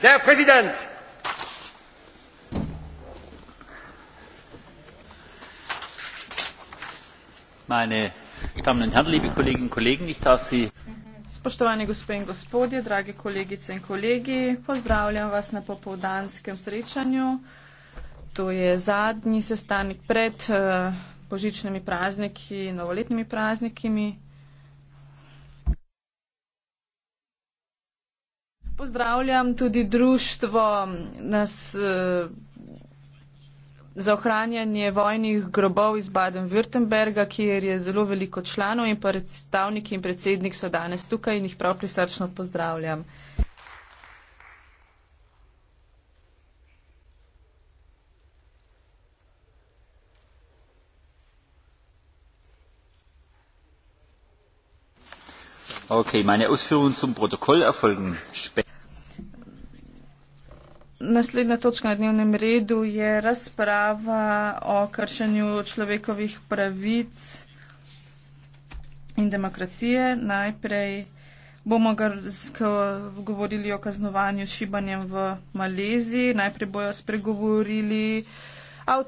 Der Präsident! Meine Damen und Herren, liebe Kolleginnen und Kollegen, ich darf Sie. Spoštovani gospe in gospodje, drage kolegice in kolegi, pozdravljam vas na popovdanskem srečanju. To je zadnji sestanek pred eh, božičnimi prazniki, novoletnimi praznikimi, Pozdravljam tudi društvo nas eh, za ohranjanje vojnih grobov iz Baden-Württemberga, kjer je zelo veliko članov in predstavniki in predsednik so danes tukaj in jih prav prisrčno pozdravljam. Okay, meine Ausführungen zum Protokoll erfolgen später. Naslednja točka na dnevnem redu je razprava o kršenju človekovih pravic in demokracije. Najprej bomo govorili o kaznovanju s šibanjem v Maleziji. Najprej bojo spregovorili avtor.